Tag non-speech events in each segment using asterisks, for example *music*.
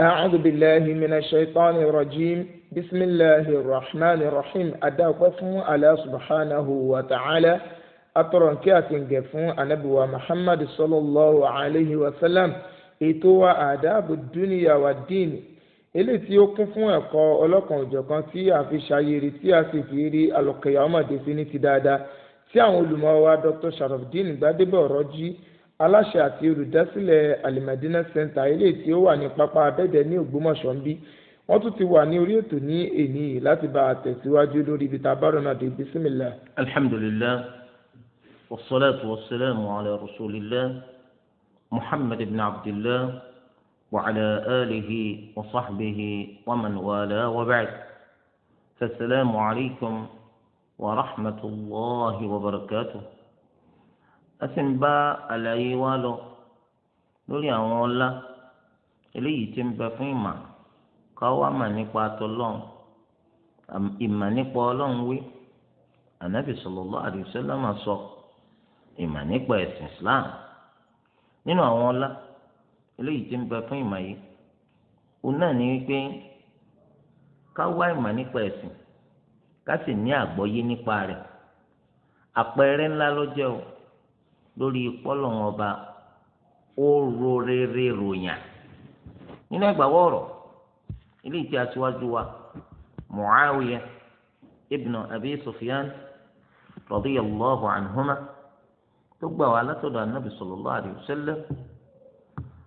أعوذ بالله من الشيطان الرجيم بسم الله الرحمن الرحيم أدعوكم على سبحانه وتعالى أترون كاتن قفون النبي محمد صلى الله عليه وسلم إتوا آداب الدنيا والدين eléyìí tí ó kún fún ẹ̀kọ́ ọlọ́kan òjọ̀kan tí a fi ṣàyèrè tí a sì fi rí alùkẹ́yà ọmọdé sí ní ti dáadáa aláṣẹ àti olùdásílẹ̀ alimadina center ilé tí ó wà ní pápá abẹ́dẹ̀ ní ògbómọ̀ṣọ́ ń bí wọ́n tún ti wà ní orí ètò ní èní yìí láti bá a tẹ̀síwájú lórí ibi tá a bá rọ̀nà dé bisimilá. alhamdulilayi wasalaatu wasalaamu ala rasulillah muhammad ibn abdillah wa ala alihi wa sahbihi wa man wa ba'd fasalaamu alaykum wa rahmatulahi wa barakatuh. a sì ń bá àlàyé wa lọ lórí àwọn ọlá eléyìí ti ń bẹ fún ìmà ká wá mà nípa tọlọ́run ìmà nípa ọlọ́run wí ànábì sallallahu sọ ìmà nípa ẹ̀sìn islam nínú àwọn ọlá eléyìí ti ń bẹ fún ìmà yìí òun náà ni wípé ká wá ìmà nípa ẹ̀sìn ká sì ní àgbọ́yé nípa rẹ̀ àpẹẹrẹ lórí ìpọlọ́wọ́n ọba ó ro rere ròyàn nínú ẹgbàá ọ̀rọ̀ ilé ìtì aṣíwájú wa Muawiya ibn Abi Sufyan radiyallahu anhuma tó gbà wá látọ̀dọ̀ anábì sallallahu alayhi wa sallam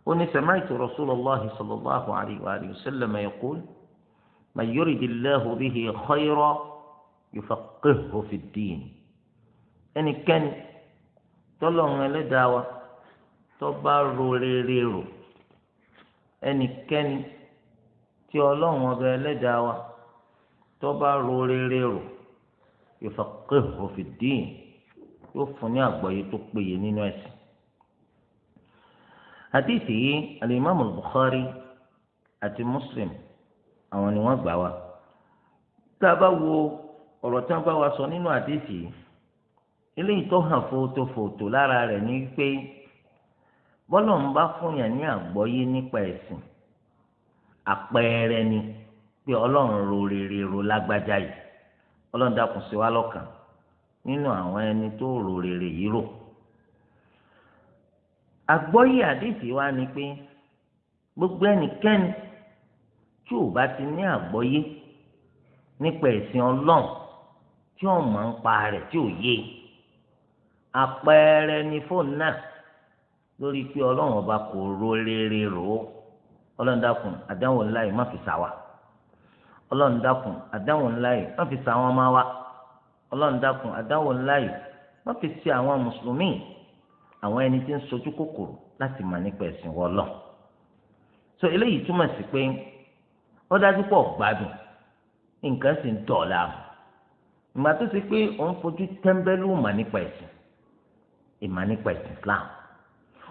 ó ní sami'tu rasulullahi sallallahu alayhi wa sallam yaqul man yuridillahu bihi khayran yufaqqihhu fi diin ẹnikẹ́ni. tọ́lọ́run ẹlẹ́dàá wa tọ́ba ro rere rò ẹnikẹ́ni tí ọlọ́run ọba ẹlẹ́dàá wa tọ́ba ro rere rò yufaqihu fid-din yóò fún ní àgbọ́yé tó péye nínú ẹ̀sìn. àdìsí yìí alimami Bukhari àti Muslim àwọn ni wọ́n gbà wá tá a bá wo ọ̀rọ̀ tí wọ́n bá wa sọ nínú àdìsí yìí eléyìí tó hàn fòtòfòtò lára rẹ̀ ni pé bọ́lọ̀ ń bá fúnyàn ní àgbọ́yé nípa ẹ̀sìn àpẹẹrẹ ni pé ọlọ́run ro rere ro lágbájá yìí ọlọ́run dákun sí wa lọ́kàn nínú àwọn ẹni tó ro rere yìí rò àgbọ́yé àdìsí wa ni pé gbogbo ẹnikẹ́ni tí ò bá ti ní àgbọ́yé nípa ẹ̀sìn ọlọ́run tí ò mọ̀ ń pa rẹ̀ tí ò yé e àpẹẹrẹ ni fóònù náà lórí pé ọlọ́run ọba kò ro rere rò ó ọlọ́run dákun àdáwò ńlá yìí má fi sà wá ọlọ́run dákun àdáwò ńlá yìí má fi sà wọn má wá ọlọ́run dákun àdáwò ńlá yìí má fi sí àwọn mùsùlùmí àwọn ẹni tí ń sojú kòkòrò láti mà nípa ẹ̀sìn wọlọ́ so eléyìí túmọ̀ sí pé ó dájú pọ̀ gbádùn nǹkan sì ń tọ̀ láàmú ìgbà tó ti pé òun fojú tẹ́ńbẹ́lú mà nípa ẹ̀sìn ìmọ̀ nípa Islam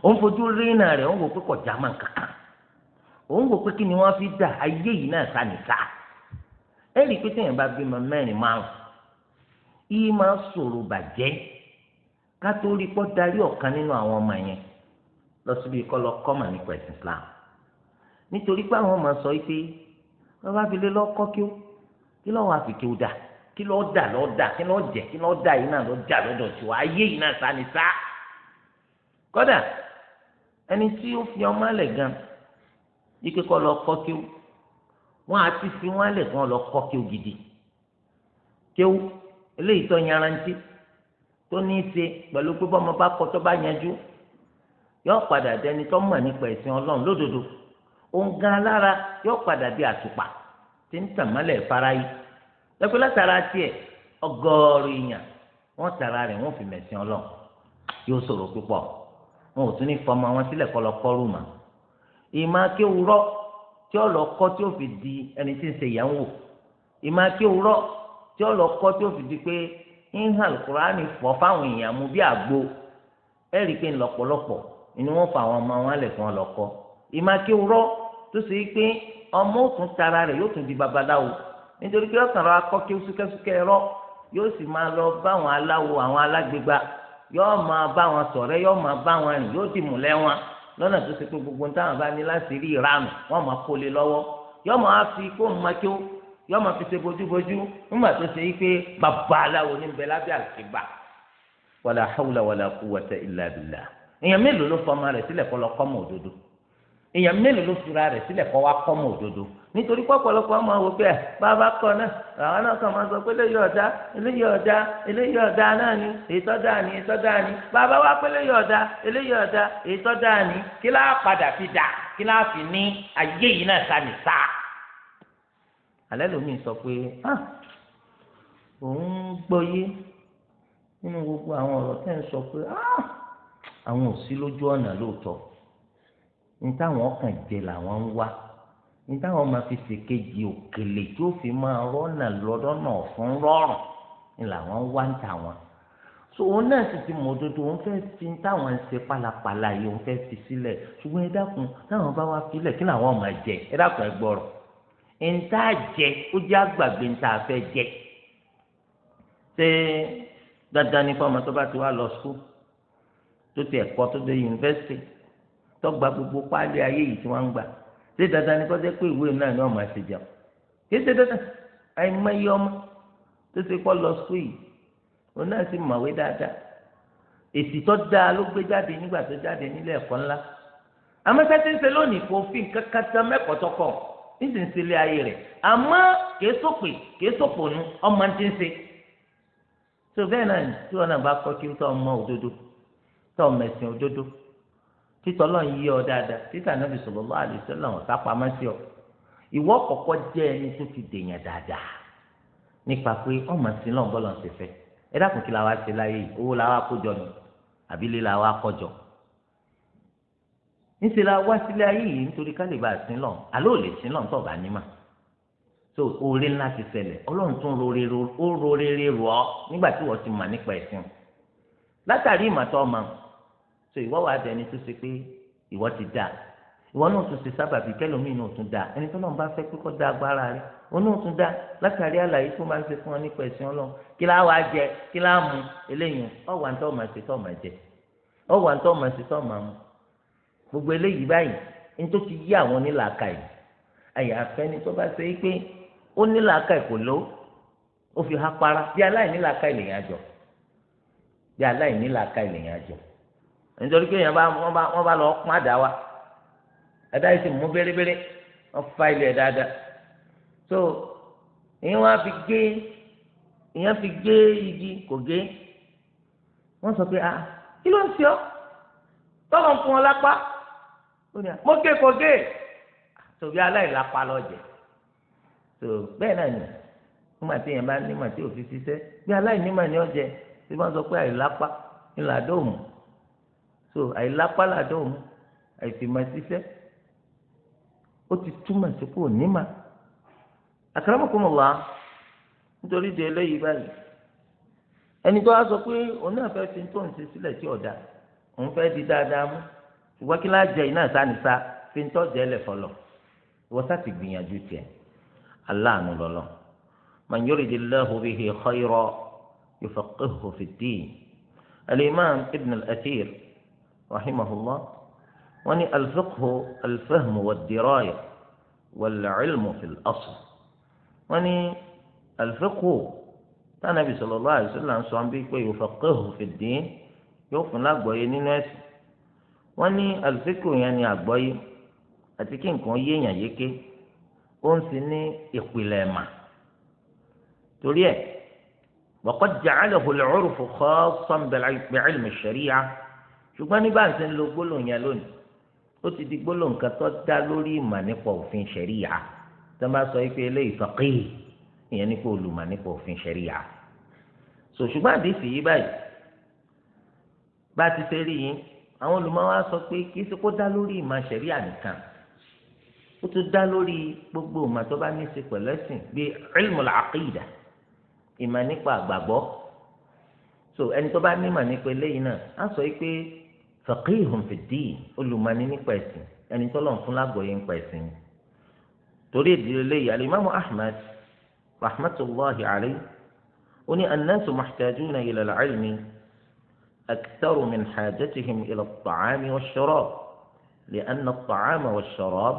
ó fojú rínà rẹ̀ ó ń wò pé kò já máa kankan ó ń wò pé ni fi dà ayé yìí náà sá nìta ẹ pé téèyàn bá bímọ mẹ́rin márùn yìí máa sọ̀rọ̀ bàjẹ́ ká tó rí pọ́ darí ọ̀kan nínú àwọn ọmọ yẹn lọ síbi kọ́ lọ kọ́ mà nípa Islam nítorí pé sọ bá fi lé kí ó kí ó kí lọ́ọ́ dà lọ́ọ́ dà kí lọ́ọ́ jẹ kí lọ́ọ́ dà yìí náà lọ́ọ́ dà lọ́dọ̀ tiwa ayé yìí náà sá ni sá ẹni tí ó fi ọmọ alẹ̀ gan ike kọ́ lọ kọ́ wọ́n wọn ti fi wọ́n alẹ̀ gan lọ kọ́ gidi kéwú eléyìí tó yanrantí tó ní í ṣe pẹ̀lú pé bá kọ́ tó bá yanjú yóò padà dẹni tó mọ̀ nípa ẹ̀sìn ọlọ́run lódodo òun gan lẹ́pẹ́ látara tiẹ̀ ọgọ́rù èèyàn wọ́n tara rẹ̀ wọ́n fi mẹ̀sìn ọlọ́ yóò sọ̀rọ̀ púpọ̀ wọn ò tún ní fọmọ wọn sílẹ̀ kọ́ lọ kọ́ rùmà ìmọ̀ akéwúrọ́ tí ó lọ kọ́ tí ó fi di ẹni tí ń ṣe ìyàwó ìmọ̀ akéwúrọ́ tí ó lọ kọ́ tí ó fi di pé ìhà kúránì fọ́ fáwọn èèyàn mú bí àgbo ẹ̀rí pé ńlọ́pọ̀lọpọ̀ ni wọ́n fa àwọn ọmọ wọn lẹ̀ fún ọlọ́kọ́ ìmọ̀ akéwúrọ́ tó ṣe é pé ọmọ òtún tara rẹ̀ yóò tún di babaláwo nítorí pé ọ̀sán lọ akọ́ kí ó súkẹ́súkẹ́ ẹ̀rọ yóò sì máa lọ bá àwọn aláwo àwọn alágbègbà yóò máa bá wọn ṣọ̀rẹ́ yóò máa bá wọn rìn yóò dì múlẹ̀ wọn lọ́nà tó ṣe pé gbogbo táwọn bá ní láti rí ìranù wọ́n máa kó lé lọ́wọ́ yóò máa fi kó máa kí ó yóò máa fi ṣe bójúbójú nígbà tó ṣe pé bàbá aláwo ní bẹ lábẹ́ àkìbà wàlà hàwùlà wàlà kúwàtà ìlà èèyàn mélòó ló fọ ọmọ rẹ̀ sílẹ̀ kọ́ òdodo èèyàn mélòó ló fura rẹ̀ sílẹ̀ kọ́ wa kọ́ mọ̀ òdodo nítorí pọ̀pọ̀lọpọ̀ ọmọ àwọn òpè ẹ̀ bàbá kọ́ náà àwọn náà kàn máa sọ pé eléyìí ọ̀dá eléyìí ọ̀dá eléyìí ọ̀dá náà ni ètò ọ̀dá ni ètò ọ̀dá ni bàbá wa pé eléyìí ọ̀dá eléyìí ọ̀dá ètò ọ̀dá ni kí láà padà fi dà kí láà fi ní ayé yìí náà sá ní sá. alẹ́ lómi sọ pé òun gbọ́yé nínú gbogbo àwọn ọ̀rọ̀ tẹ́ ń sọ pé àwọn ò sí lójú ọ̀nà lóòótọ́ ní táwọn ọkàn jẹ làwọn ń wá ní táwọn máa fi ṣèkejì òkèlè tí ó fi máa rọ́nà lọ́dọ́nà fún rọrùn ni làwọn ń wá ń tà wọn so òun náà sì ti mọ òdodo òun fẹ́ fi táwọn ń ṣe pálapàla yìí òun fẹ́ fi sílẹ̀ ṣùgbọ́n ẹ dákun táwọn bá wá filẹ̀ kí làwọn máa jẹ ẹ dákun ẹ gbọ́rọ̀ ntá jẹ ó jẹ́ àgbàgbé ntá fẹ́ jẹ ṣé dandan ni fọmọ tó bá ti wá lọ sùkúl tó ti ẹ̀kọ́ tó dé yunifásitì tọgbà gbogbo páálí ayé yìí tí wọ́n ń gbà ṣé dandan ni kọ́sẹ́ pé ìwé náà ni wọ́n máa ṣe jẹun kí ṣe dandan àìmọye ọmọ tó ṣe kọ́ lọ sùkúù yìí òun náà sì mọ̀wé dáadáa èsì tó dáa ló gbé jáde nígbà tó jáde nílé ẹ̀kọ́ ńlá àmọ́ sẹ́tí ń ṣe lónìí kò fi nǹkan kan tán mẹ́kọ̀ọ́ tó kọ̀ níṣì ń ṣe ilé ayé rẹ̀ àmọ́ kìí sòpè kìí sòpònú ọmọ ti ń ṣe tó bẹ́ẹ̀ náà tí wọn náà bá kọ́ kí tó ọmọ òdodo tó ọmọ ẹ̀sìn òdodo títọ́ lọ́n yí ọ dáadáa títà náà fi sọ̀rọ̀ lọ́wọ́ àdìsẹ́ lọ́wọ́ sápamọ́ sí ọ ìwọ kọ̀kọ́ jẹ́ ẹni tó ti dèèyàn dáadáa nípa pé ọmọ sí lọ́n bọ́lọ̀ ṣe fẹ́ ẹ dákun kí la wá ṣe láyé yìí owó la wá kójọ ni àbí la wá kọjọ níṣẹ́ la wá sílé ayé yìí nítorí ká lè bá sí lọ́n àló lè sí lọ́n tọ̀ bá nímà so oore ńlá ti ṣẹlẹ̀ ọlọ́run tún rore ó rore rọ nígbà tí wọ́n ti mà nípa ẹ̀sìn látàrí ìmọ̀tọ́ so ìwọ wà dẹni tó ṣe pé ìwọ ti dáa ìwọ náà tún ṣe sábàbí kẹlòmíì náà tún dáa ẹni tó náà bá fẹ́ pé kó da agbára rẹ̀ òun náà tún dáa látàrí àlàyé tó máa ń ṣe fún ọ nípa ẹ̀sìn Ọlọ́run kí láà wá jẹ kí láà mú eléyìí ọwà ntọ́ máa ṣe tọ́ máa jẹ ọwà ntọ́ máa ṣe tọ́ máa mú gbogbo eléyìí báyìí nítorí ti yí àwọn onílàákà yìí àyàfẹ́ ni tó bá ṣe é pé ó nílàákà kò ló ó fi hapara bí aláìnílàákà ìlèyìn àjọ bí aláìnílàákà ìlèyìn àjọ nítorí pé èèyàn bá wọ́n bá wọ́n bá lọ pọ́n àdá wa àdá yìí sì mú bérebére wọ́n fa ilẹ̀ dáadáa so èèyàn wá fi gé èèyàn fi gé igi kò gé wọ́n sọ pé ah kí ló ń ṣe ọ́ tọ́lọ̀ ń fún ọ lápá mo gé kò gé tòbí aláìlápá lọ́jẹ̀ so bẹ́ẹ̀ náà ni nígbà tí èèyàn bá nímọ̀ tí ò fi ṣiṣẹ́ bí aláìnímọ̀ ni ọ̀jẹ̀ tí wọ́n sọ pé àìlápá ńlá dóòmù so àìlápálá dọ̀hún àìfìmọ̀ ṣiṣẹ́ ó ti túmọ̀ sí kò nímà akramakumullah nítorí di eléyìí báyìí ẹni tó wá sọ pé òun náà fẹ́ fi tó ń ṣe sílẹ̀ tí ọ̀dà òun fẹ́ di dáadáa mú ṣùgbọ́n kí láà jẹ iná sánisa fi ń tọ́jà ẹlẹ̀ fọlọ̀ wọ́n sá ti gbìyànjú tiẹ̀ aláàánú lọ́lọ́ man yuridillahu bihi khayran yufaqqihhu fid-din al-imam ibn al-athir rahimahullah wọ́n ní alfiqhu alfahmu wadiraya walilmu fil asl wọ́n ní alfiqhu tánàbì sallallahu alaihi wasallam sọ bí pé yufaqihu fid din yóò fún lágbọ́yé nínú ẹ̀sìn wọ́n ní alfiqhu yẹn ni àgbọ́yé àti kí nǹkan yéèyàn yéké ó ń sin ní ìpìlẹ̀ ẹ̀mà torí ẹ̀ waqad ja'alahu al-'urfu khassan bi'ilmi ash-shari'a ṣùgbọ́n nígbà tí ń lo gbólóhùn yẹn lónìí ó ti di gbólóhùn kan tó dá lórí ìmọ̀ nípa òfin ṣẹ̀ríyà tó máa sọ pé eléyìí faqih ìyẹn ní olùmọ̀ nípa òfin ṣẹ̀ríyà so ṣùgbọ́n àdìsí yìí báyìí bá ti ṣe rí yín àwọn olùmọ̀ wa sọ pé kì í ṣe kó dá lórí ìmọ̀ ṣẹ̀ríyà nìkan ó tún dá lórí gbogbo ìmọ̀ tó bá ní í ṣe pẹ̀lú ẹ̀sìn bíi ìmọ̀ nípa àgbàgbọ́ so ẹni tó bá nímọ̀ nípa eléyìí náà á sọ pé faqihun fi ddin olùmọ̀ni nípa ẹ̀sìn ẹni tọ́lọ̀ ń fún lágbọ̀ọ́yé nípa ẹ̀sìn torí ìdílé léyìí alimami ahmed rahmatulahi alayhi ó ní annasu muhtajuna ila al-ilmi aktharu min hajatihim ila at-ta'ami wash-sharab li'anna at-ta'ama wash-sharab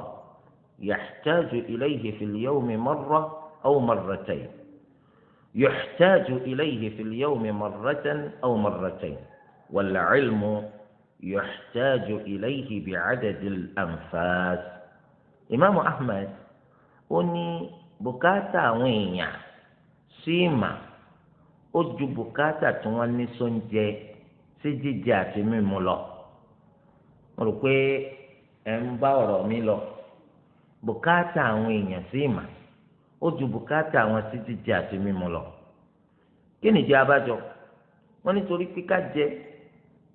yahtaju ilayhi fi al-yawmi marra aw marratayn yahtaju ilayhi fi al-yawmi marratan aw marratayn wal-ilmu yọ̀ṣẹ́jú ìlẹ́yìí bí àdẹ̀dẹ̀ ànfààs. ìmáàmù ahmed ó ní bùkátà àwọn èèyàn sí ìmà ó ju bùkátà tí wọ́n ní sóúnjẹ sí jíjẹ àti mímu lọ. mo rò pé ẹ ń bá ọ̀rọ̀ mi lọ bùkátà àwọn èèyàn sí ìmà ó ju bùkátà àwọn sí jíjẹ àti mímu lọ. kí nìjẹ́ abájọ wọ́n nítorí pé ká jẹ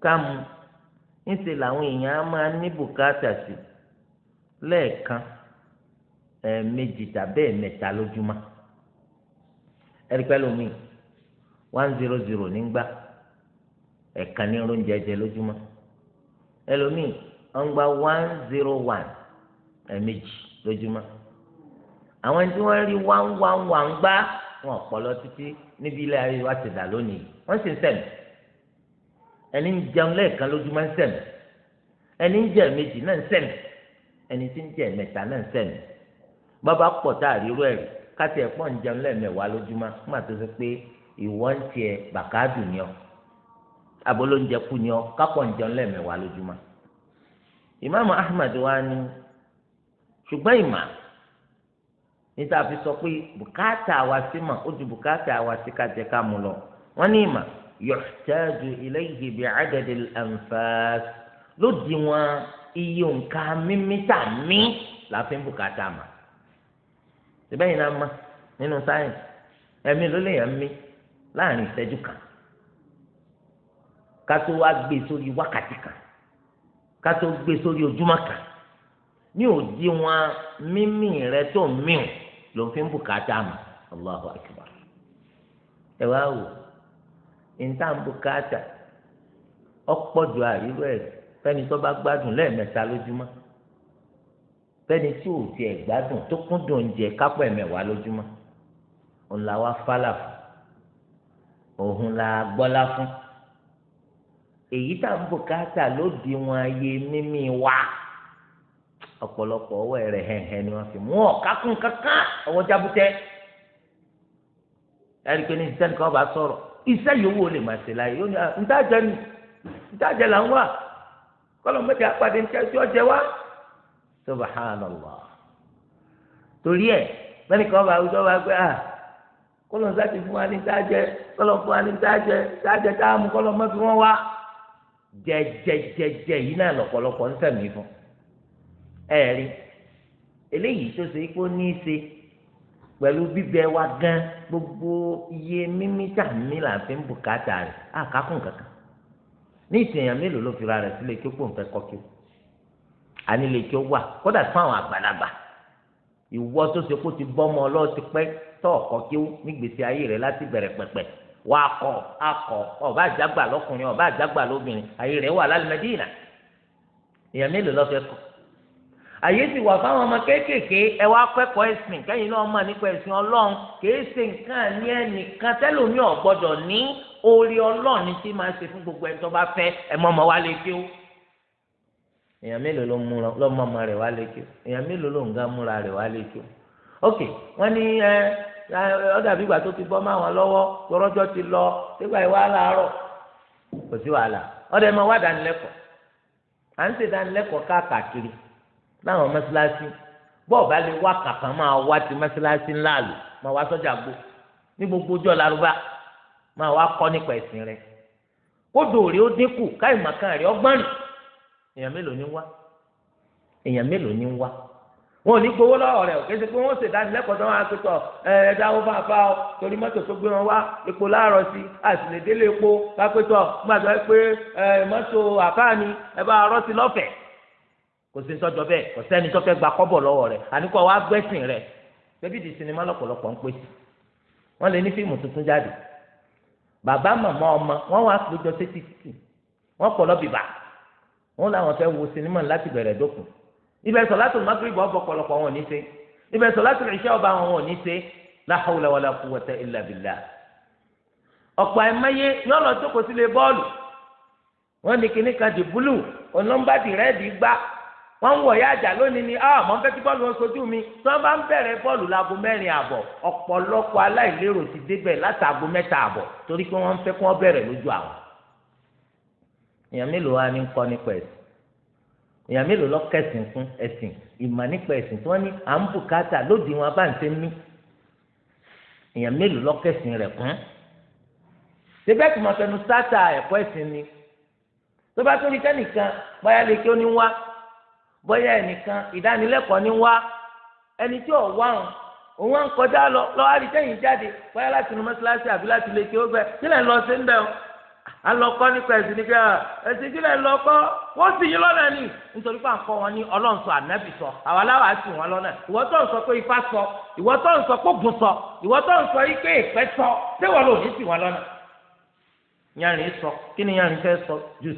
ká mu ńṣe làwọn èèyàn á máa ní bùkátà sí lẹ́ẹ̀kan ẹ̀ẹ̀mejì tàbí ẹ̀ẹ̀mẹ́ta lójúmọ́ ẹ̀rí one zero zero ní gbà ẹ̀ẹ̀kan ní oúnjẹ jẹ lójúmọ́ ẹlòmíì wọ́n one zero one ẹ̀ẹ̀mejì lójúmọ́ àwọn tí wọ́n rí one one one gbá wọn ọ̀pọ̀lọ títí níbi ilé ayé wa ti dà lónìí wọ́n sì ń sẹ̀mí. ẹni ń jẹun lẹ́ẹ̀kan lójúmọ́ ń sẹ̀mí ẹni ń jẹ méjì náà ń sẹ̀mí ẹni tí ń jẹ mẹ́ta náà ń sẹ̀mí bàbá pọ̀ tá a rírú ẹ̀rí káti ẹ̀pọ̀ ń jẹun lẹ́ẹ̀mẹ̀wá lójúmọ́ má tó ṣe pé ìwọ ń tiẹ̀ bàkáàdù ni Ahmad wa ni ṣùgbọ́n ìmà níta fi sọ pé bùkátà wa sí mà ó ju bùkátà mu lọ wọ́n ní ìmà yọ̀tájú iléyìí bí àdàdì ànfààs lódì wọn iye òǹkà mímítà mí láfi ń bùkátà mà síbẹ̀yìn náà mọ̀ nínú sáyẹ̀nsì ẹ̀mí ló lèèyàn mí láàrin ìṣẹ́jú kan kátó wá gbé sórí wákàtí kan kátó gbé sórí ojúmọ́ kan ní òdi mímí rẹ tó míì ló fi ń bùkátà mà Allahu akbar ẹ wá wò ó ìntàǹbùkátà ọ̀pọ̀jù àríwọ ẹ fẹ́ni tó bá gbádùn lẹ́ẹ̀mẹ́ta lójúmọ́ fẹ́ni tí ò tiẹ̀ gbádùn tó kún dùn oúnjẹ kápọ ẹ̀mẹ́wàá lójúmọ́ òun la wá fálà fún òun la gbọ́lá fún èyí tá à ń bùkátà ló di wọn ayé mímí wa ọ̀pọ̀lọpọ̀ ọwọ́ rẹ̀ hẹ̀hẹ̀ ni wọ́n fi mú ọ̀kákùn kankan ọwọ́ jábútẹ́ ẹ̀rí pé ní sẹ́ni kan bá sọ̀rọ̀ iṣẹ́ yòówù ó lè máa ṣe láyé yóò ní ah, ntájẹ ni ntájẹ là ń wà kọlọ mẹ́ta apàdé ń tẹsí ọjẹ wa subhanallah torí ẹ mẹni kan bá àwùjọ bá gbé à ah, kọlọ ń sáti fún wa ní ntájẹ kọlọ ń fún wa ní ntájẹ ntájẹ táàmù kọlọ mọ fi wọn wá jẹjẹjẹjẹ yìí náà lọ́pọ̀lọpọ̀ ń sẹmí fún ẹ rí eléyìí tó ṣe é kó ní í ṣe pẹ̀lú bíbẹ wa gan gbogbo iye mímí tà mí là fi ń bùkátà rẹ̀ àkákùn kankan ní ìsèyàn mélòó ló fi ra rẹ̀ sílé kí ó pò ń fẹ́ kọ́kí ànílé kí ó wà kódà fún àwọn àgbàlagbà ìwọ tó ṣe kó ti bọ́mọ ọlọ́ọ̀ ti pẹ́ tọ́ ọ̀kọ́ kí ó nígbèsè ayé rẹ̀ láti bẹ̀rẹ̀ pẹ̀pẹ̀ wà kọ́ akọ́ ọ̀bá àjágbà lọ́kùnrin ọ̀bá àjágbà lóbìnrin ayé rẹ̀ wà lálẹ́ mẹ́dínà èèyàn mélòó lọ́ fẹ́ kọ́ àyè sì wà fáwọn ọmọ kéékèèké ẹ wá kẹ́kọ̀ọ́ ẹ̀sìn kẹ́yìn náà mọ̀ nípa ẹ̀sìn ọlọ́run kìí ṣe nǹkan ní ẹnìkan tẹ́lómi ò gbọ́dọ̀ ní orí ọlọ́run tí máa ṣe fún gbogbo ẹni tó bá fẹ́ ẹ mọ́ ọmọ wa lè kí ó. èèyàn mélòó ló múra ló mọ ọmọ rẹ̀ wá lè kí ó èèyàn mélòó ló ń gá múra rẹ̀ wá lè kí ó. ok wọ́n ní ẹ ọ̀dà bígbà tó ti bọ́ máwọn lọ́wọ́ tọrọ́jọ́ ti lọ sígbà ìwà láwọn mọ́sálásí bọ́ọ̀ bá lè wá kàkà máa wá ti mọ́sálásí ńlá lò máa wá sọ́jà gbó ní gbogbo ọjọ́ làrúbá máa wá kọ́ nípa ẹ̀sìn rẹ̀ kódò rẹ̀ ó dínkù káì màkà rẹ̀ ọgbọ́n rìn èèyàn mélòó ní wá èèyàn mélòó ní wá wọn ò ní gbowó lọ́wọ́ rẹ̀ òkè ṣe pé wọ́n ṣe ìdánilẹ́kọ̀ọ́ tó wọn akẹ́kọ̀ọ́ ẹ̀ẹ́dá ó bá fa ọ torí mọ́tò tó gbé wọn wá epo láàárọ̀ sí àtìlédélé epo kápẹ́tọ̀ gbàgbọ́ pé mọ́tò àfáàní ẹ bá rọ́ sí lọ́fẹ̀ẹ́ kò sí sọ́jọ́ bẹ́ẹ̀ kò sẹ́ni tó fẹ́ gba kọ́bọ̀ lọ́wọ́ rẹ̀ àníkọ́ wa gbẹ́sìn rẹ̀ bébí di sinimá lọ́pọ̀lọpọ̀ ń pèsè wọ́n lè ní fíìmù tuntun jáde bàbá màmá ọmọ wọ́n wá péjọ sétí títì wọ́n pọ̀ lọ́bìbà wọ́n làwọn fẹ́ wo sinimá láti bẹ̀rẹ̀ dókun ibẹ̀ sọ láti magrib ọ̀bọ̀ pọ̀lọpọ̀ wọn ò ní ṣe ibẹ̀ sọ láti ìṣẹ́ ọba wọn ò ní ṣe la hawla wala quwwata illa billah ọ̀pọ̀ àìmọye yọ lọ jókòó sílé bọ́ọ̀lù wọ́n ní kíní kan di wọ́n ń wọ̀ ya àjà lónìí ni ah mọ̀ ń fẹ́ kí bọ́ọ̀lù wọn sojú mi tí wọ́n bá ń bẹ̀rẹ̀ bọ́ọ̀lù láago mẹ́rin àbọ̀ ọ̀pọ̀lọpọ̀ aláìlérò ti débẹ̀ látàgò mẹ́ta àbọ̀ torí pé wọ́n ń fẹ́ kí wọ́n bẹ̀rẹ̀ lójú àwọn. èèyàn mélòó wa ní ń kọ́ nípa ẹ̀sìn èèyàn mélòó lọ kẹ́sìn fún ẹ̀sìn ìmọ̀ nípa ẹ̀sìn tí wọ́n ní à ń bùkátà lóde wọn bá ń ṣe mí èèyàn mélòó lọ kẹ́sìn kún. síbẹ̀ tí mo fẹnu sáta ẹ̀kọ́ ẹ̀sìn ni tó bá tó rí báyà lè kí ó ní wá bóyá ẹnìkan ìdánilẹ́kọ̀ọ́ ní wá ẹni tí ò wá hàn òun wá ń kọjá lọ lọ wá rí sẹ́yìn jáde bóyá láti inú mọ́ṣáláṣí àbí láti ilé tí ó gbẹ sílẹ̀ lọ sí ń bẹ̀ ọ́ alọ́kọ́ nípa ẹ̀sìn nípa ẹ̀sìn sílẹ̀ lọ́kọ́ wọ́n sì yín lọ́nà ni nítorí pé à ń kọ́ wọn ní ọlọ́run sọ ànábì sọ àwa láwa sì wọn lọ́nà ìwọ tó ń sọ pé ifá sọ ìwọ tó ń sọ pé ògùn sọ ìwọ tó ń sọ yí pé ìpẹ́ sọ ṣé wọn lò ní sì wọn lọ́nà. yanrìn sọ kí ni yanrìn fẹ́ sọ jù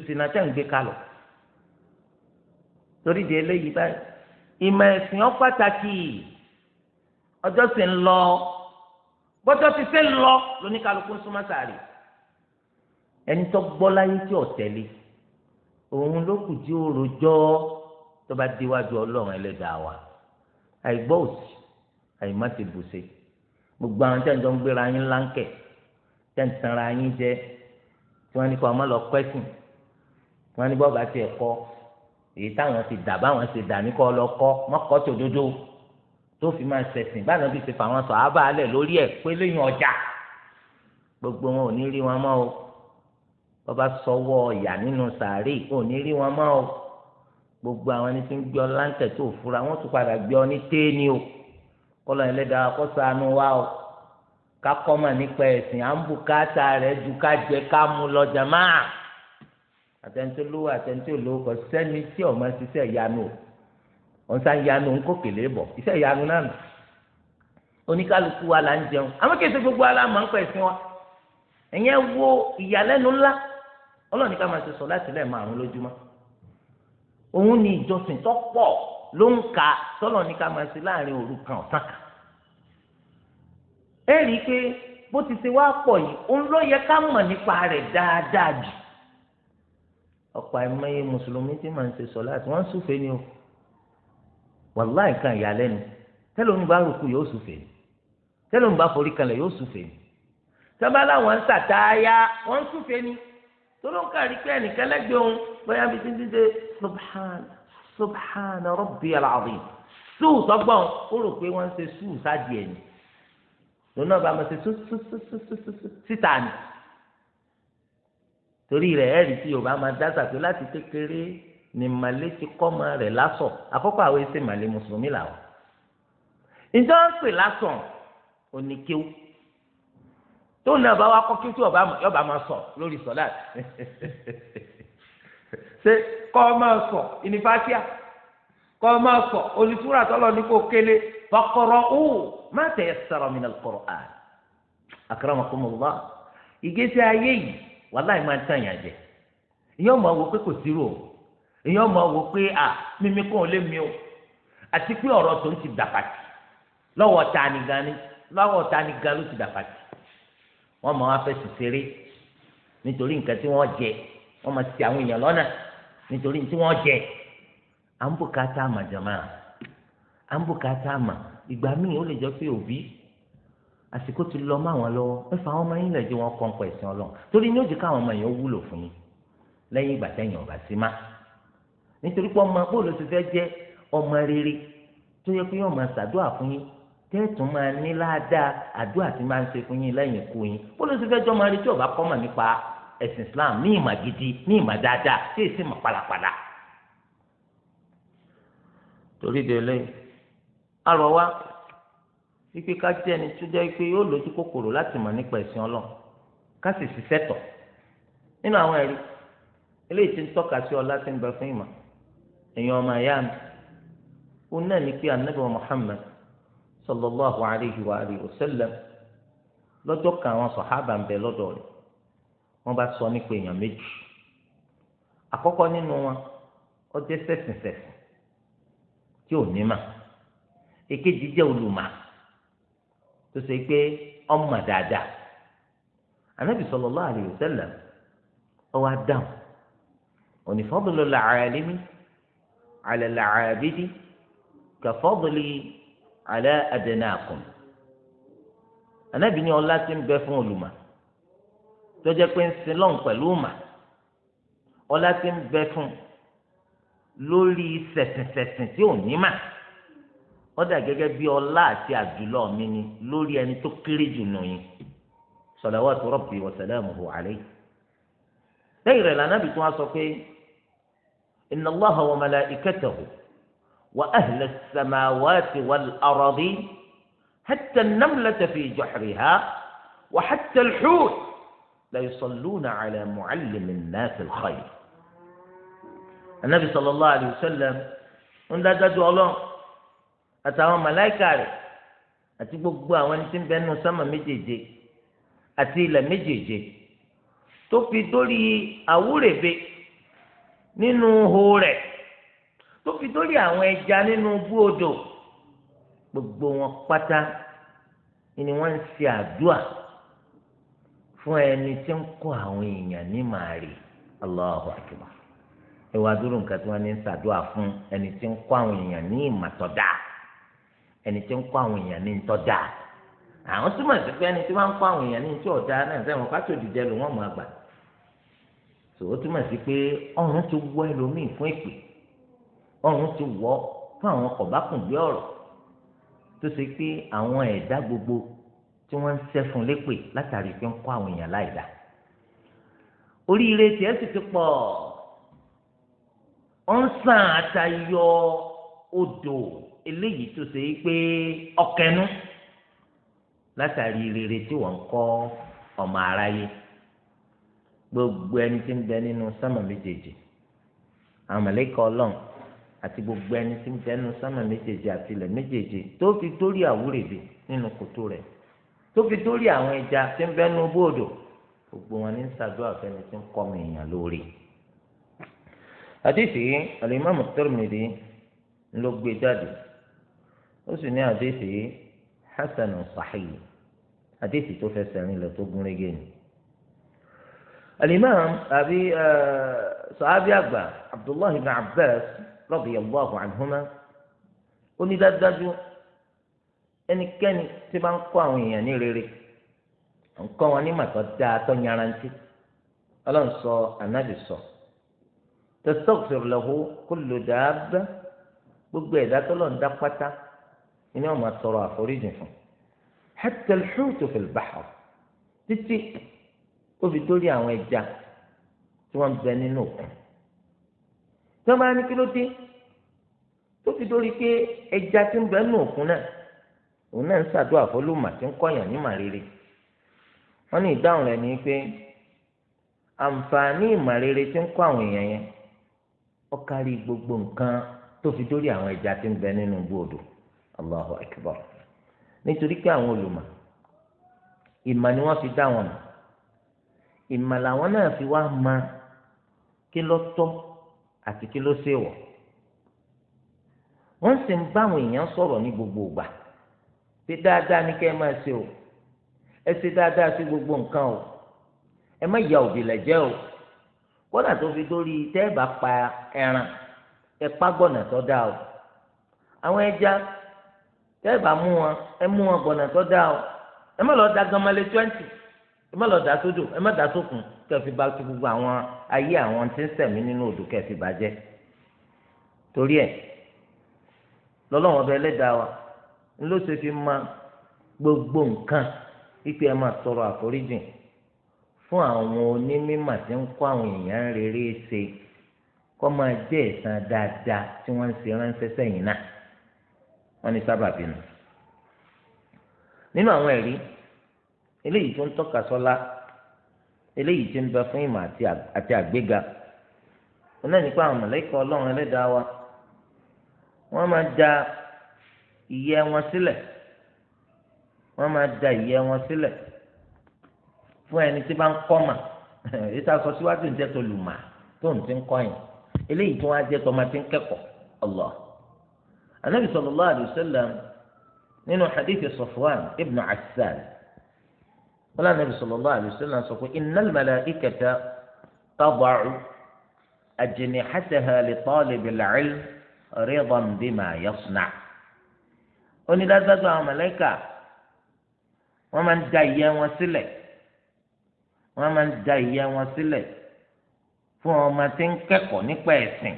torí di eléyìí báyìí ìmọ̀ ẹ̀sìn ọ́ pàtàkì ọjọ́ sì ń lọ bọ́jọ́ ti ṣe ń lọ lóníkàlùkù ń súnmọ́ sàárì ẹni tó gbọ́ láyé tí ò tẹ̀lé òun ló kù tí ó rojọ́ tó bá déwájú ọlọ́run ẹlẹ́dàá wa àìgbọ́ òsì àìmọ́ ti bùṣe gbogbo àwọn tí àjọ ń gbéra yín láńkẹ̀ tí àjọ ń tanra yín jẹ tí wọ́n ní kọ́ ọmọ lọ pẹ́sìn tí wọ́n ní bọ́ọ̀bù àti ẹ̀kọ́ èyí táwọn ti dà báwọn ti dà ní kọ́ lọ kọ́ mọ́kọ́ tó dodo tó fi máa ṣẹ̀sìn báwọn ti ṣe fà wọn sọ àbá alẹ̀ lórí ẹ̀ pé lẹ́yìn ọjà gbogbo wọn ò ní rí wọn mọ́ o bàbá sọwọ́ ìyà nínú sàárè ò ní rí wọn mọ́ o gbogbo àwọn ẹni tí ń gbé ọ láǹtẹ̀ tó fura wọ́n tún padà gbé ní téèni o kọ́lọ́ ẹlẹ́dàá kó ṣàánú wa o ká mà nípa ẹ̀sìn à ń bùkátà rẹ̀ ju ká jẹ ká mú lọ jàmáà àtẹnudó lówó àtẹnudó lówó kọ sẹ́ni tí ọmọ ṣiṣẹ́ yanu òun sá yanu ń kókèlè bọ̀ iṣẹ́ yanu náà nù oníkálukú wa là ń jẹun àwọn gbogbo wa máa ń pẹ̀ sí wa ẹ̀yẹn wo ìyàlẹ́nu ńlá ọlọ́ọ̀ni ká máa ṣe sọ láti lẹ́ẹ̀ márùn lójúmọ́ òun ni ìjọsìn tó pọ̀ ló ń ka tọ́lọ́ọ̀ni ká máa ṣe láàrin òru kan ọ̀sán kan ẹ rí i pé bó ti ṣe wá pọ̀ yìí òun ló yẹ ká mọ̀ nípa rẹ̀ dáadáa jù ọ̀pọ̀ àìmọye mùsùlùmí tí màá ń ṣe sọ láti wọ́n ń súfè ni o wàláì kan ìyàlẹ́nu tẹ́lómi bá rúkú yóò súfè ni tẹ́lómi bá forí kanlẹ̀ yóò súfè ni sábà láwọn ń sàtáyà wọ́n ń súfè ni tọ́lọ́ ń kárí pé ẹnìkan lẹ́gbẹ̀ẹ́ òun bóyá bí títí dé subhana rabbi al sùù sọ́gbọ́n ó rò pé wọ́n ń ṣe sùù sáàdì ẹ̀ ni lónà bá máa ṣe sùù sùù sùù sùù síta ni torí rẹ̀ ẹ̀rí tí yorùbá máa dá sàpé láti kékeré ni màlẹ́ ti kọ́ ọmọ rẹ̀ lásọ̀ àkọ́kọ́ àwọn ẹsẹ̀ màlẹ́ mùsùlùmí làwọn. ìjọ ń pè lásọ̀ oníkéwú tó nà bá wa kọ́ kí tí ọba máa sọ lórí sọ́lá *laughs* ṣe kọ́ máa sọ ìnífàṣíà kọ́ máa sọ onífúra tọ́lọ́ ní kò kélé bọ́kọ̀rọ̀ ó má tẹ̀ ẹ́ sọ̀rọ̀ mi nà kọ̀rọ̀ à àkàrà wọn kò mọ̀ ayé yìí. wàláì máa tàn yàn jẹ èyàn máa wò pé kò sí wò pé à mímí kò mi o àti pé ọ̀rọ̀ tó ń ti dàpàtì lọwọ ta ni gan ni lọ́wọ́ ta ni gan ló ti dàpàtì wọ́n máa wá fẹ̀sùn ṣeré nítorí nǹkan tí wọ́n jẹ wọ́n máa ti àwọn èèyàn nítorí tí jẹ à ń bùkátà àmàjàmá à ń bùkátà àmà ìgbà míì ó lè jọ pé òbí àsìkò ti lọ mọ́ àwọn lọ́wọ́ ẹ fà àwọn ọmọ yín lẹ́jọ́ wọn kọ́ ń pẹ̀ sìn ọlọ́run torí ní ó jẹ́ káwọn ọmọ yẹn wúlò fún yín lẹ́yìn ìgbà tẹ̀yìn ọ̀bà sí má nítorí pé ọmọ bóòlù ti fẹ́ jẹ́ ọmọ rere tó yẹ pé yóò máa ṣàdúrà fún yín tẹ́ẹ̀tún máa ní ládàá àdúrà tí máa ń ṣe fún yín lẹ́yìn ikú yín bóòlù ti fẹ́ jọ́ ọmọ rere tí ọba kọ́ mọ̀ nípa ẹ̀sìn Islam ní ìmọ̀ gidi ní ìmọ̀ dáadáa tí èsì mọ̀ pàlàpàlà torí de lẹ́yìn arọ wípé ká jẹ́ ẹni tó jẹ́ pé yóò lójú kòkòrò láti mọ̀ nípa ẹ̀sìn ọlọ́run ká sì ṣiṣẹ́ tọ̀ nínú àwọn ẹ̀rí eléyìí ti ń tọ́ka sí ọlá tí ń bẹ fún ìmọ̀ èèyàn ọmọ ẹ̀yà mi ó náà ní pé ànábì Muhammad sallallahu alayhi wa alihi wa sallam lọ́jọ́ kan àwọn sọ̀hábà ń bẹ lọ́dọ̀ rẹ̀ wọ́n bá sọ nípa èèyàn méjì àkọ́kọ́ nínú wọn ó jẹ́ sẹ̀sìnsẹ̀sìn tí ò ní mà èkejì jẹ́ olùmọ̀ tó ṣe pé ọmọ dáadáa anabi sallallahu alayhi wa sallam ọwọ adáhùn òní fadlu al-alimi ala al-abidi ka fadli ala adnakum anabi ní ọlá tí ń bẹ fún olùmọ̀ tó pé ń sin lọ́n pẹ̀lú mà ọlá tí ń bẹ fún lórí sẹ̀sìnsẹ̀sìn tí ò ní mà. wọ́n dà gẹ́gẹ́ bí ọlá àti àdúlọ̀ mi ni lórí ẹni tó kéré jù nù yín salawatu rabbi wa salamuhu alayhi lẹ́yìn rẹ̀ lànàbì tí wọ́n sọ pé inna Allaha wa malaikatahu wa ahla as-samawati wà á hatta an-namlata fi juhriha wa hatta al-hut la yusalluna ala mu'allimi an-nasi al-khayr. anabi sallallahu alayhi wa sallam ń dájú ọlọ́run. àtàwọn màláìkà rẹ̀ àti gbogbo àwọn ẹni tí ń bẹ nínú sámà méjèèje àti ilẹ̀ méjèèje tó fi dórí àwúrèbe nínú ho rẹ̀ tó fi dórí àwọn ẹja nínú búodò gbogbo wọn pátá ni wọ́n ń ṣe àdúà fún ẹni tí ń kọ́ àwọn èèyàn ní màárì Allahu akbar ẹ wá dúró nǹkan tí wọ́n ní ń ṣàdúà fún ẹni tí ń kọ́ àwọn èèyàn ní ìmàtọ̀dá ẹni tí ń kọ́ àwọn èèyàn ní ntọ́ dáa àwọn túmọ̀ sí pé ẹni tí wọ́n ń kọ́ àwọn èèyàn ní ntọ́ dáa náà sẹ́wọ̀n ká tó dìde lò wọ́n mọ̀ àgbà tó o túmọ̀ sí pé ọ̀run ti wọ ẹlòmíì fún ìpè ọ̀run ti wọ fún àwọn kọ̀bákùngbé ọ̀rọ̀ tó ṣe pé àwọn ẹ̀dá gbogbo tí wọ́n ń sẹ́fun lépè látàrí pé ń kọ́ àwọn èèyàn láìda oríire tiẹ̀ sì ti pọ̀ ọ̀ ń sàn àtayọ odò eléyìí tó ṣe pé ọkẹnu látàrí rere tí wọ́n ń kọ́ ọmọ aráyé gbogbo ẹni tí ń bẹ nínú sámà méjèèjì àwọn mọ̀lẹ́kọ̀ ọlọ́run àti gbogbo ẹni tí ń bẹ nínú sámà méjèèjì àti ilẹ̀ méjèèjì tó fi dórí àwúrèbè nínú kòtò rẹ̀ tó fi dórí àwọn ẹja tí ń bẹ nínú bóòdò gbogbo wọn ní ṣàdúrà fẹ́ni tí ń kọ́ mi èèyàn lórí. àdìsí alimami Tirmidhi ló gbé jáde ó sì ní àdéhìí hasanu sahih àdéhìí tó fẹsẹ̀ rinlẹ̀ tó gún régé ni. alimam àbí sàábì àgbà abdullah ibn abbas radiyallahu anhuma ó ní dájúdájú ẹnikẹ́ni tí bá ń kọ́ àwọn èèyàn ní rere ń kọ́ wọn ní màtọ́ dáa tó yarantí ọlọ́run sọ ànábì sọ tastaghfir lahu kullu dabba gbogbo ẹ̀dá tó lọ́n dá pátá iná máa tọrọ àforíjì fún hatta al-hut fi al-bahr títí ó fi dórí àwọn ẹja tí wọ́n ń bẹ nínú òkun tí wọ́n bá ní kí ló dé tó fi dórí pé ẹja tí ń bẹ nínú òkun náà òun náà ń ṣàdúrà fọlùmà tí ń kọyàn ní màrèrè wọ́n ní ìdáhùn rẹ̀ ni pé àǹfààní ìmàrèrè tí ń kọ àwọn èèyàn yẹn ó gbogbo nǹkan tó fi dórí àwọn ẹja tí ń bẹ nínú ibú Allahu akbar nítorí pé àwọn olùmọ̀ ìmọ̀ ni wọ́n fi dá wọn mọ̀ ìmọ̀ làwọn náà fi wá ma kí ló tọ́ àti kí ló ṣèwọ̀ wọ́n sì ń bá àwọn èèyàn sọ̀rọ̀ ní gbogbo ìgbà pé dáadáa ní kẹ́ ẹ máa ṣe o ẹ ṣe dáadáa sí gbogbo nǹkan o ẹ má ya òbí lẹ̀jẹ̀ o kódà tó fi dórí tẹ́ ẹ bá pa ẹran ẹ pa gbọ̀nà tó dáa o àwọn ẹja tẹ́ẹ̀bà mú wọn ẹ mú wọn bọ̀nà tó dá o ẹ má lọ da gamale twenty ẹ má lọ da sódò ẹ má da sókun kẹfì bá ti gbogbo àwọn ayé àwọn tí ń sẹ̀mí nínú odò kẹfì bàjẹ́ torí lọ́lọ́wọ́n wa ló ma gbogbo nǹkan ipe ẹ máa tọrọ àforíjìn fún àwọn onímọ̀ tí ń kó àwọn èèyàn rere ṣe kọ́ máa jẹ́ tí wọ́n ń ṣe ránṣẹ́ sẹ́yìn náà. wọn ni sábàbí n'inu nínú àwọn ẹ̀rí eléyìí tó ń tọ́ka sọ́lá eléyìí tó ń bẹ fún ìmọ̀ àti àgbéga wọn náà nípa àwọn mọ̀lẹ́kọ̀ ọlọ́run da iye wọn sílẹ̀ wọ́n máa da iye wọn sílẹ̀ fún ẹni tí bá ń kọ́ mà *laughs* èyí tá a sọ síwájú ń tó lù mà tó ń ti ń kọ́ yẹn eléyìí tó wá tó máa ti ń النبي صلى الله عليه وسلم من حديث صفوان ابن عسال قال النبي صلى الله عليه وسلم إن الملائكة تضع أجنحتها لطالب العلم رضا بما يصنع أني لا تزعم ملائكة ومن جاي وسلك ومن جاي وسلك فهو ما تنككو نكبه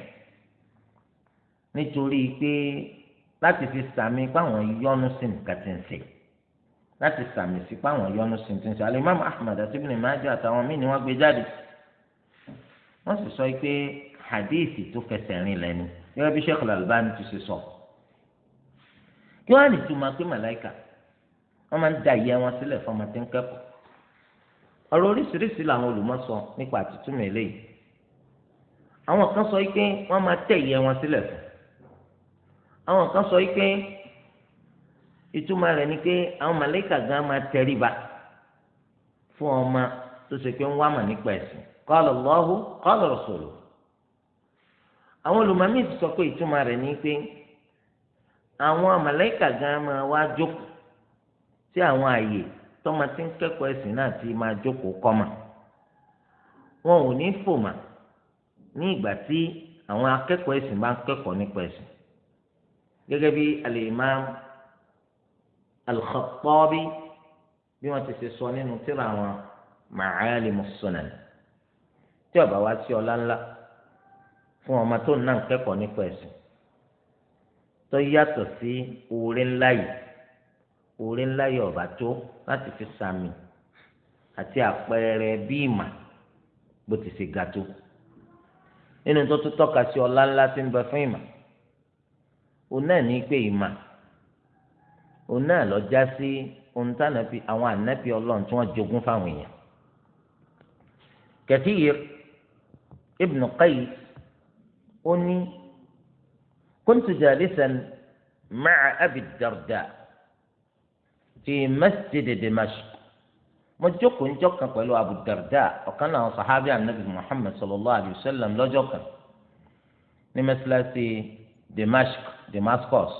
nítorí pé láti fi sàmì páwọn yọ́nú sí nǹkan ti ń ṣe láti sàmì sí páwọn yọ́nú sí ti ń ṣe alimami ahmed àti ibn àtàwọn míì ni wọ́n gbé jáde wọ́n sì sọ pé hadithi tó fẹsẹ̀ rìn lẹ́nu gẹ́gẹ́ bí Sheikh Al-Albani ti ṣe sọ kí wọ́n á nìtumọ̀ pé màláìkà wọ́n máa ń da ìyẹ́ wọn sílẹ̀ fún ọmọ tí ń kẹ́kọ̀ọ́ ọ̀rọ̀ oríṣiríṣi làwọn olùmọ̀ nípa àtìtúmọ̀ eléyìí àwọn kan sọ pé wọ́n máa tẹ̀ ìyẹ́ wọn sílẹ̀ fún àwọn kan sọ pé ìtumọ̀ rẹ̀ ni pé àwọn màlẹ́kà gan máa tẹríba fún ọmọ tó ṣe pé ń wá mà nípa ẹ̀sìn qala Allahu qala rasuluhu àwọn olùmọ̀mí ti sọ pé ìtumọ̀ rẹ̀ ni pé àwọn màlẹ́kà gan máa wá jókòó sí àwọn àyè tọ́mọ tí ń kẹ́kọ̀ọ́ ẹ̀sìn ti máa jókòó kọ́mà wọn ò ní fòmà ní ìgbà tí àwọn akẹ́kọ̀ọ́ ẹ̀sìn bá ń kẹ́kọ̀ọ́ nípa gẹ́gẹ́ bí al-Imam al-Khattabi bí wọ́n ti ṣe sọ nínú tírà wọn Ma'alimu Sunan tí ó bá wá sí ọlá ńlá fún ọmọ tó ń náà kẹ́kọ̀ọ́ nípa ẹ̀sìn tó yàtọ̀ sí oore ńlá yìí oore ńlá yìí ọ̀bà tó láti fi sàmì àti àpẹẹrẹ bí ìmà bó ti ṣe ga tó nínú tó tún tọ́ka sí ọlá ńlá tí ń bẹ fún ìmà òun náà ní pé ìmà òun náà lọ já sí ohun tánàbí àwọn ànábì ọlọ́run tí wọ́n jogún fáwọn èèyàn Kathir ibn Qais ó ní kuntu jalisan ma'a Abi Darda fi masjid Dimashq mo jókòó ń jọkàn pẹ̀lú Abu Darda ọ̀kan náà sàhábì ànábì Muhammad sallallahu alayhi wa sallam lọ́jọ́ kan ní mẹ́sàlásì Dimashq. Damascus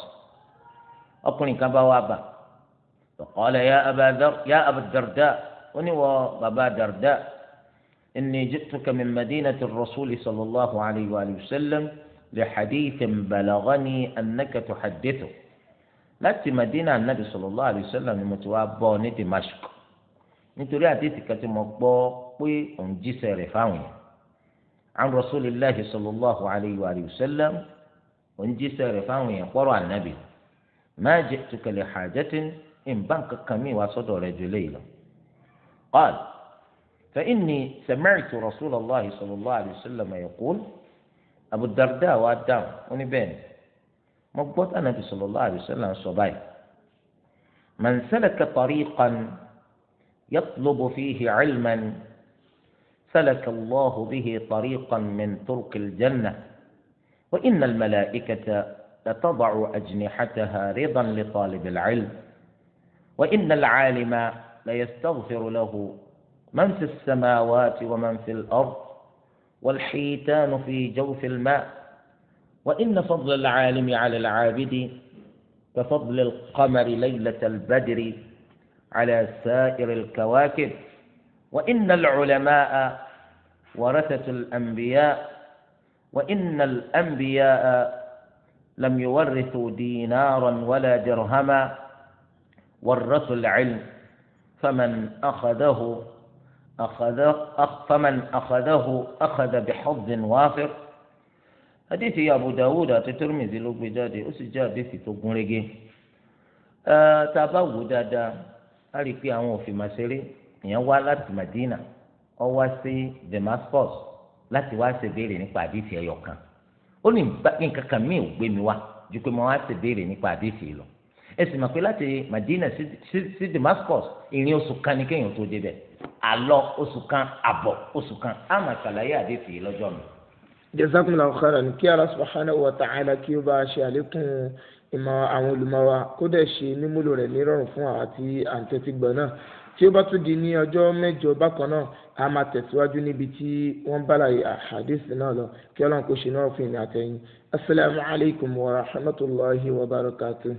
ọkùnrin kan bá wà bá ọ̀kọ́lẹ̀ yá abadarda ó ní wọ bàbá darda inni jituka min madinati rasuli sallallahu alayhi wa sallam li hadithin balagani annaka tuhaddithu láti madina anabi sallallahu alayhi wa sallam ni mo ti wá bọ̀ ní dimashq nítorí àdéhìí kan tí mo gbọ́ pé òun jíṣẹ́ rẹ̀ fáwọn yẹn an rasulillahi sallallahu alayhi wa sallam. òǹjíṣẹ́ rẹ̀ fáwọn èèyàn pọ́rọ̀ ànábì ma ji'tuka li hajatin nǹkan kankan mi wá sọ́dọ̀ rẹ̀ ju eléyìí lọ. qal fa inni sami'tu rasulallahi sallallahu alayhi wa sallam yaqul Abu Darda wa dáhùn ó ní bẹ́ẹ̀ ni mo gbọ́ tànàbì sallallahu alayhi wa sallam sọ báyìí man salaka tariqan yatlubu fihi ilman salaka Allahu bihi tariqan min turqil jannah. وإن الملائكة لتضع أجنحتها رضا لطالب العلم وإن العالم ليستغفر له من في السماوات ومن في الأرض والحيتان في جوف الماء وإن فضل العالم على العابد كفضل القمر ليلة البدر على سائر الكواكب وإن العلماء ورثة الأنبياء وإن الأنبياء لم يورثوا دينارا ولا درهما ورثوا العلم فمن أخذه أخذ فمن أخذه أخذ بحظ وافر حديث يا أبو داود الترمذي لو بجادي أسجى في تقولي tabawo آه، دادا اريكي rí في مسيري àwọn òfin màṣẹ́rẹ́ ìyẹn wá láti láti wá ṣèbéèrè nípa àdìsí ẹyọ kan ó ní nǹkan kan míì ò gbé mi wá ju pé mo wá ṣèbéèrè nípa àdìsí lọ ẹ sì mọ̀ pé láti Madina sí Damascus ìrìn oṣù kan ni kéèyàn tó débẹ̀ àlọ oṣù kan àbọ̀ oṣù kan á máa ṣàlàyé àdìsí lọ́jọ́ mi. jazakumullahu khairan ní kí Allah subhanahu wa ta'ala kí ó bá a ṣe àlékún ìmọ̀ àwọn olùmọ̀ kó dẹ̀ ṣe mímúlò rẹ̀ nírọ̀rùn fún àwa tí à náà tí ó bá tún di ní ọjọ́ mẹ́jọ bákan náà a máa tẹ̀síwájú níbi tí wọ́n bá láyé àhàdísì náà lọ kí ọlọ́run kò ṣe náà fún ìrìn àtẹ̀yìn asalaamualeykum wa rahmatulahi wa barakatuh.